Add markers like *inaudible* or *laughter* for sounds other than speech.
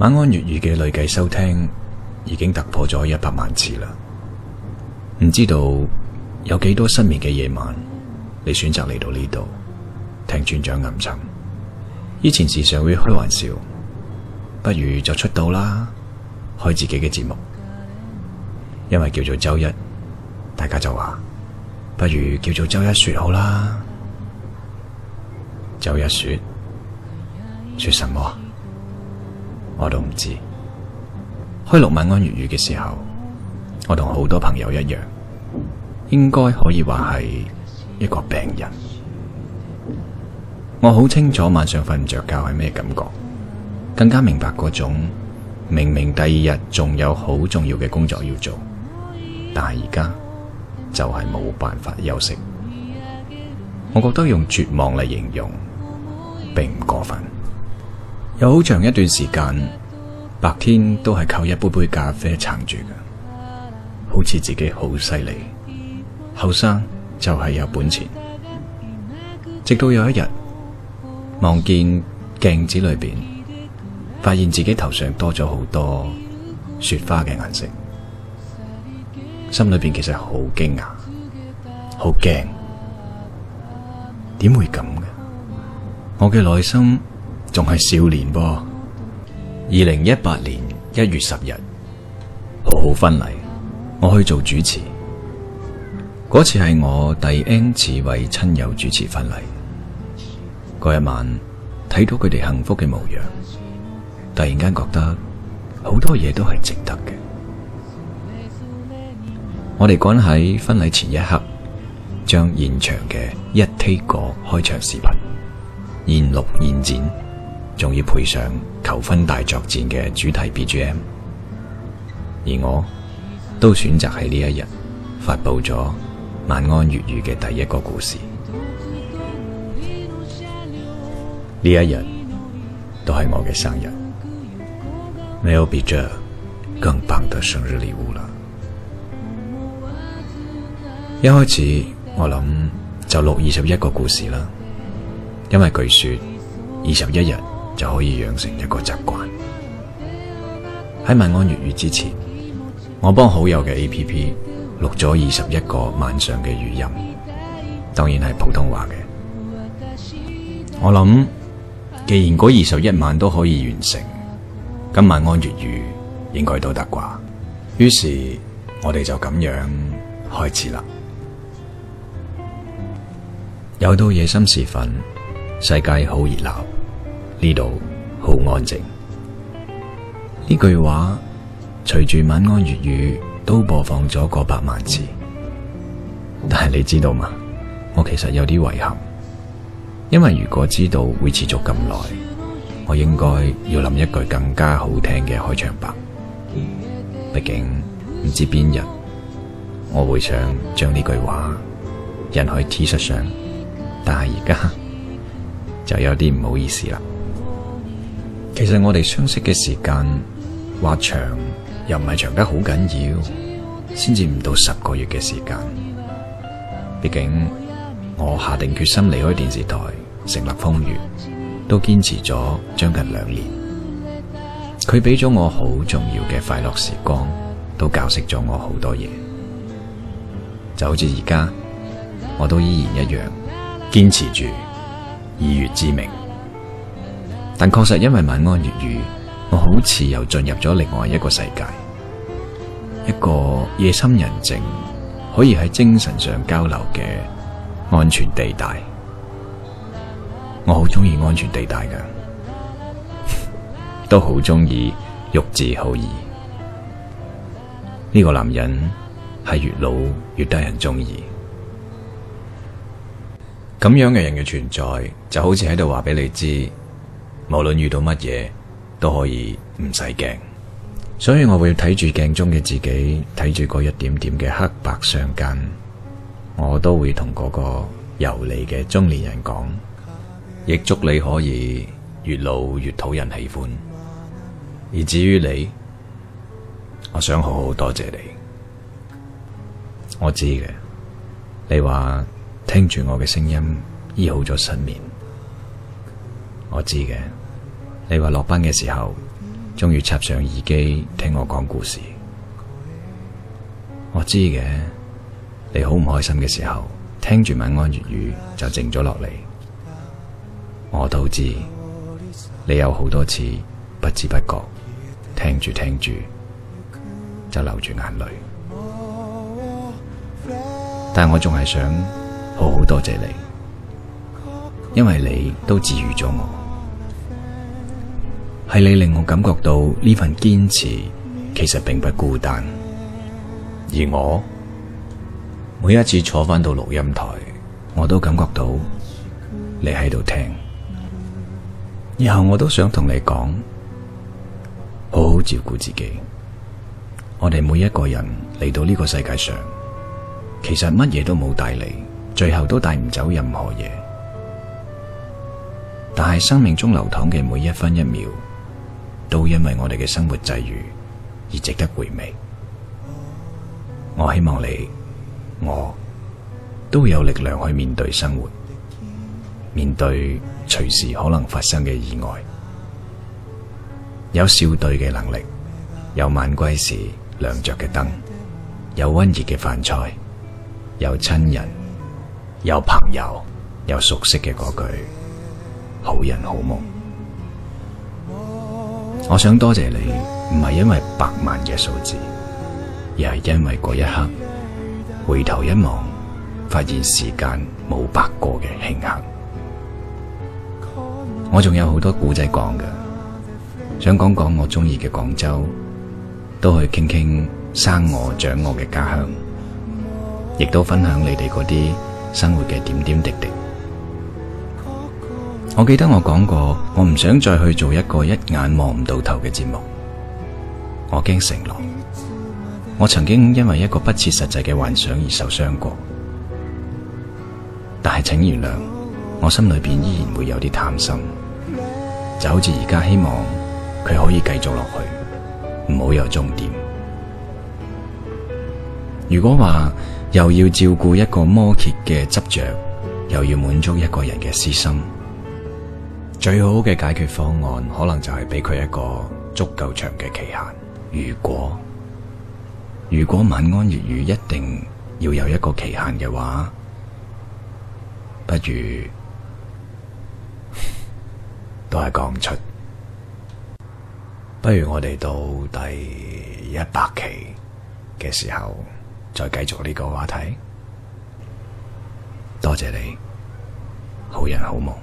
晚安粵語嘅累計收聽已經突破咗一百萬次啦，唔知道有幾多失眠嘅夜晚，你選擇嚟到呢度聽村長噏噏沉。以前時常會開玩笑，不如就出道啦，開自己嘅節目，因為叫做周一，大家就話不如叫做周一說好啦。周一說，說什麼？我都唔知。開錄晚安粵語嘅時候，我同好多朋友一樣，應該可以話係一個病人。我好清楚晚上瞓唔着覺係咩感覺，更加明白嗰種明明第二日仲有好重要嘅工作要做，但係而家就係冇辦法休息。我覺得用絕望嚟形容並唔過分。有好長一段時間，白天都係靠一杯杯咖啡撐住嘅，好似自己好犀利，後生就係有本錢。直到有一日，望見鏡子裏邊，發現自己頭上多咗好多雪花嘅顏色，心裏邊其實好驚訝，好驚，點會咁嘅？我嘅內心。仲係少年噃！二零一八年一月十日，好好婚禮，我去做主持。嗰次係我第 N 次為親友主持婚禮。嗰日晚，睇到佢哋幸福嘅模樣，突然間覺得好多嘢都係值得嘅。我哋趕喺婚禮前一刻，將現場嘅一 take 過開場視頻，現錄現剪。仲要配上求婚大作戰嘅主題 BGM，而我都選擇喺呢一日發佈咗晚安粵語嘅第一個故事。呢一日都係我嘅生日，沒有比這更棒的生日禮物了。一開始我諗就錄二十一個故事啦，因為據說二十一日，就可以養成一個習慣。喺晚安粵語之前，我幫好友嘅 APP 錄咗二十一個晚上嘅語音，當然係普通話嘅。我諗，既然嗰二十一晚都可以完成，咁晚安粵語應該都得啩。於是，我哋就咁樣開始啦。有到夜深時分，世界好熱鬧。呢度好安靜。呢句話隨住晚安粵語都播放咗過百萬次，但係你知道嗎？我其實有啲遺憾，因為如果知道會持續咁耐，我應該要諗一句更加好聽嘅開場白。畢竟唔知邊日我會想將呢句話印喺 T 恤上，但係而家就有啲唔好意思啦。其實我哋相識嘅時間，話長又唔係長得好緊要，先至唔到十個月嘅時間。畢竟我下定決心離開電視台，成立風雨，都堅持咗將近兩年。佢俾咗我好重要嘅快樂時光，都教識咗我好多嘢，就好似而家我都依然一樣，堅持住二月之名。但確實因為晚安粵語，我好似又進入咗另外一個世界，一個夜深人靜，可以喺精神上交流嘅安全地帶。我好中意安全地帶噶， *laughs* 都好中意玉置浩二。呢、呢個男人係越老越得人中意，咁樣嘅人嘅存在，就好似喺度話俾你知，無論遇到乜嘢都可以唔使驚，所以我會睇住鏡中嘅自己，睇住嗰一點點嘅黑白相間，我都會同嗰個油膩嘅中年人講，亦祝你可以越老越討人喜歡。而至於你，我想好好多謝你。我知嘅，你話聽住我嘅聲音醫好咗失眠，我知嘅。你話落班嘅時候，終於插上耳機聽我講故事。我知嘅，你好唔開心嘅時候，聽住晚安粵語就靜咗落嚟。我都知，你有好多次不知不覺聽住聽住就流住眼淚。但我仲係想好好多謝你，因為你都治愈咗我。係你令我感覺到呢份堅持其實並不孤單，而我每一次坐返到錄音台，我都感覺到你喺度聽，以後我都想同你講，好，好好照顧自己。我哋每一個人嚟到呢個世界上，其實乜嘢都冇帶嚟，最後都帶唔走任何嘢，但係生命中流淌嘅每一分一秒都因為我哋嘅生活際遇而值得回味。我希望你我都有力量去面對生活，面對隨時可能發生嘅意外，有笑對嘅能力，有晚歸時亮着嘅燈，有溫熱嘅飯菜，有親人，有朋友，有熟悉嘅嗰句：好人好夢。我想多謝你，唔係因為百萬嘅數字，而係因為嗰一刻回頭一望，發現時間冇白過嘅慶幸。我仲有好多故仔講嘅，想講講我中意嘅廣州，都去傾傾生我長我嘅家鄉，亦都分享你哋嗰啲生活嘅點點滴滴。我記得我講過，我唔想再去做一個一眼望唔到頭嘅節目，我驚承諾。我曾經因為一個不切實際嘅幻想而受傷過，但係請原諒，我心裏邊依然會有啲貪心，就好似而家希望佢可以繼續落去，唔好有終點。如果話又要照顧一個摩羯嘅執着，又要滿足一個人嘅私心。最好嘅解決方案，可能就係俾佢一個足夠長嘅期限。如果如果晚安粵語一定要有一個期限嘅話，不如都係講唔出。不如我哋到第一百期嘅時候，再繼續呢個話題。多謝你，好人好夢。